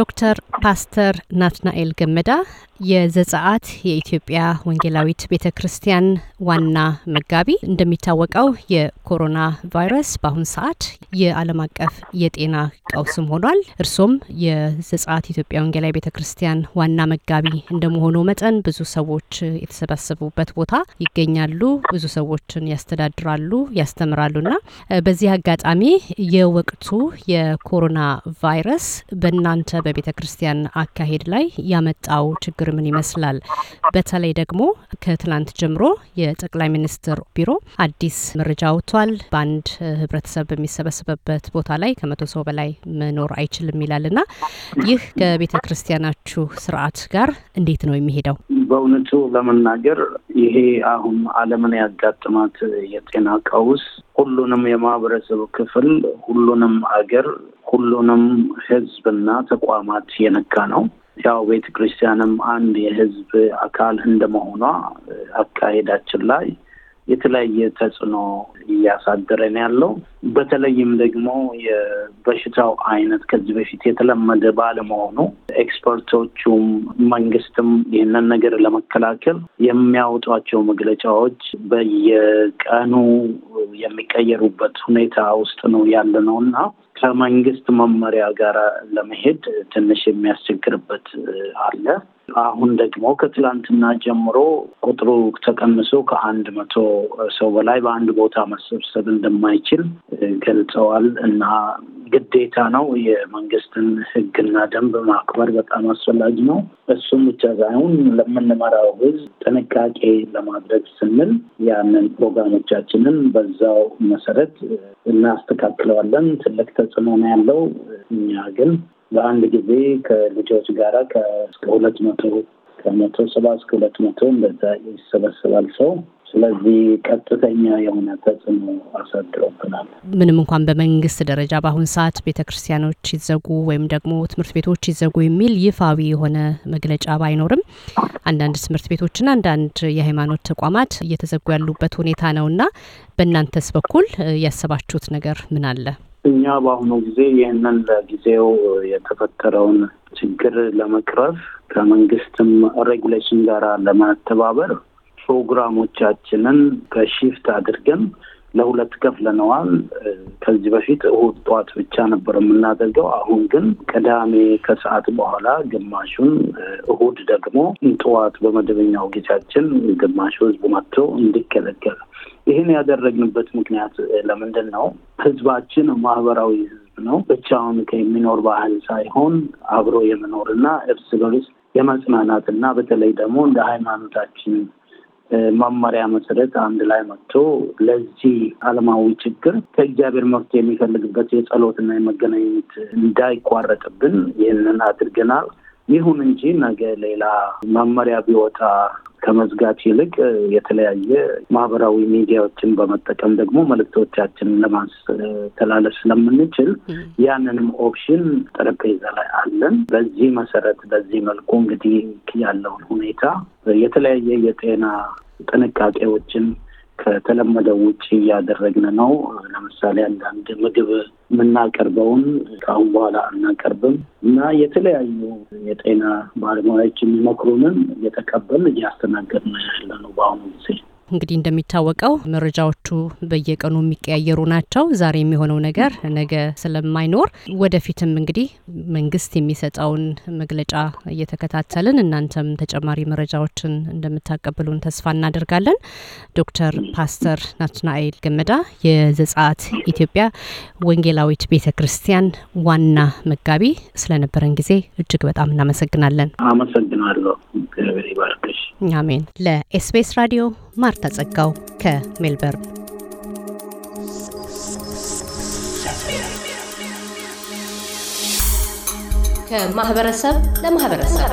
ዶክተር ፓስተር ናትናኤል ገመዳ የዘጸአት የኢትዮጵያ ወንጌላዊት ቤተ ክርስቲያን ዋና መጋቢ። እንደሚታወቀው የኮሮና ቫይረስ በአሁን ሰዓት የዓለም አቀፍ የጤና ቀውስም ሆኗል። እርሶም የዘጸአት ኢትዮጵያ ወንጌላዊ ቤተ ክርስቲያን ዋና መጋቢ እንደመሆኑ መጠን ብዙ ሰዎች የተሰባሰቡበት ቦታ ይገኛሉ። ብዙ ሰዎችን ያስተዳድራሉ፣ ያስተምራሉና በዚህ አጋጣሚ የወቅቱ የኮሮና ቫይረስ በእናንተ በቤተ ክርስቲያን አካሄድ ላይ ያመጣው ችግር ምን ይመስላል? በተለይ ደግሞ ከትላንት ጀምሮ የጠቅላይ ሚኒስትር ቢሮ አዲስ መረጃ አውጥቷል። በአንድ ህብረተሰብ በሚሰበሰብበት ቦታ ላይ ከመቶ ሰው በላይ መኖር አይችልም ይላልና ይህ ከቤተ ክርስቲያናችሁ ስርዓት ጋር እንዴት ነው የሚሄደው? በእውነቱ ለመናገር ይሄ አሁን ዓለምን ያጋጥማት የጤና ቀውስ ሁሉንም የማህበረሰብ ክፍል፣ ሁሉንም አገር፣ ሁሉንም ህዝብና ተቋማት የነካ ነው። ያው ቤተ ክርስቲያንም አንድ የህዝብ አካል እንደመሆኗ አካሄዳችን ላይ የተለያየ ተጽዕኖ እያሳደረን ያለው። በተለይም ደግሞ የበሽታው አይነት ከዚህ በፊት የተለመደ ባለመሆኑ ኤክስፐርቶቹም መንግስትም ይህንን ነገር ለመከላከል የሚያወጧቸው መግለጫዎች በየቀኑ የሚቀየሩበት ሁኔታ ውስጥ ነው ያለ ነው እና ከመንግስት መመሪያ ጋር ለመሄድ ትንሽ የሚያስቸግርበት አለ። አሁን ደግሞ ከትላንትና ጀምሮ ቁጥሩ ተቀንሶ ከአንድ መቶ ሰው በላይ በአንድ ቦታ መሰብሰብ እንደማይችል ገልጸዋል እና ግዴታ ነው። የመንግስትን ህግና ደንብ ማክበር በጣም አስፈላጊ ነው። እሱም ብቻ ሳይሆን ለምንመራው ህዝብ ጥንቃቄ ለማድረግ ስንል ያንን ፕሮግራሞቻችንን በዛው መሰረት እናስተካክለዋለን። ትልቅ ተጽዕኖ ነው ያለው። እኛ ግን በአንድ ጊዜ ከልጆች ጋራ ከሁለት መቶ ከመቶ ሰባ እስከ ሁለት መቶ እንደዛ ይሰበስባል ሰው። ስለዚህ ቀጥተኛ የሆነ ተጽዕኖ አሳድሮብናል። ምንም እንኳን በመንግስት ደረጃ በአሁን ሰዓት ቤተ ክርስቲያኖች ይዘጉ ወይም ደግሞ ትምህርት ቤቶች ይዘጉ የሚል ይፋዊ የሆነ መግለጫ ባይኖርም አንዳንድ ትምህርት ቤቶችና አንዳንድ የሃይማኖት ተቋማት እየተዘጉ ያሉበት ሁኔታ ነውና በእናንተስ በኩል ያሰባችሁት ነገር ምን አለ? እኛ በአሁኑ ጊዜ ይህንን ለጊዜው የተፈጠረውን ችግር ለመቅረፍ ከመንግስትም ሬጉሌሽን ጋር ለመተባበር ፕሮግራሞቻችንን ከሺፍት አድርገን ለሁለት ከፍለነዋል። ከዚህ በፊት እሁድ ጠዋት ብቻ ነበር የምናደርገው። አሁን ግን ቅዳሜ ከሰዓት በኋላ ግማሹን፣ እሁድ ደግሞ ጠዋት በመደበኛው ጊዜያችን ግማሹ ህዝቡ መጥተው እንዲገለገል ይህን ያደረግንበት ምክንያት ለምንድን ነው? ህዝባችን ማህበራዊ ህዝብ ነው። ብቻውን ከሚኖር ባህል ሳይሆን አብሮ እና እርስ በርስ የመጽናናት እና በተለይ ደግሞ እንደ ሃይማኖታችን መመሪያ መሰረት አንድ ላይ መጥቶ ለዚህ አለማዊ ችግር ከእግዚአብሔር መፍትሄ የሚፈልግበት የጸሎትና የመገናኘት እንዳይቋረጥብን ይህንን አድርገናል። ይሁን እንጂ ነገ ሌላ መመሪያ ቢወጣ ከመዝጋት ይልቅ የተለያየ ማህበራዊ ሚዲያዎችን በመጠቀም ደግሞ መልእክቶቻችንን ለማስተላለፍ ስለምንችል ያንንም ኦፕሽን ጠረጴዛ ላይ አለን። በዚህ መሰረት በዚህ መልኩ እንግዲህ ያለውን ሁኔታ የተለያየ የጤና ጥንቃቄዎችን ከተለመደው ውጭ እያደረግን ነው። ለምሳሌ አንዳንድ ምግብ የምናቀርበውን ከአሁን በኋላ አናቀርብም እና የተለያዩ የጤና ባለሙያዎች የሚመክሩንን እየተቀበል ነው ያለ ነው በአሁኑ ጊዜ። እንግዲህ እንደሚታወቀው መረጃዎቹ በየቀኑ የሚቀያየሩ ናቸው። ዛሬ የሚሆነው ነገር ነገ ስለማይኖር ወደፊትም እንግዲህ መንግስት የሚሰጠውን መግለጫ እየተከታተልን እናንተም ተጨማሪ መረጃዎችን እንደምታቀብሉን ተስፋ እናደርጋለን። ዶክተር ፓስተር ናትናኤል ገመዳ የዘጸአት ኢትዮጵያ ወንጌላዊት ቤተ ክርስቲያን ዋና መጋቢ ስለነበረን ጊዜ እጅግ በጣም እናመሰግናለን። አመሰግናለሁ። አሜን። ለኤስቢኤስ ራዲዮ ማርታ ጸጋው ከሜልበርን ከማህበረሰብ ለማህበረሰብ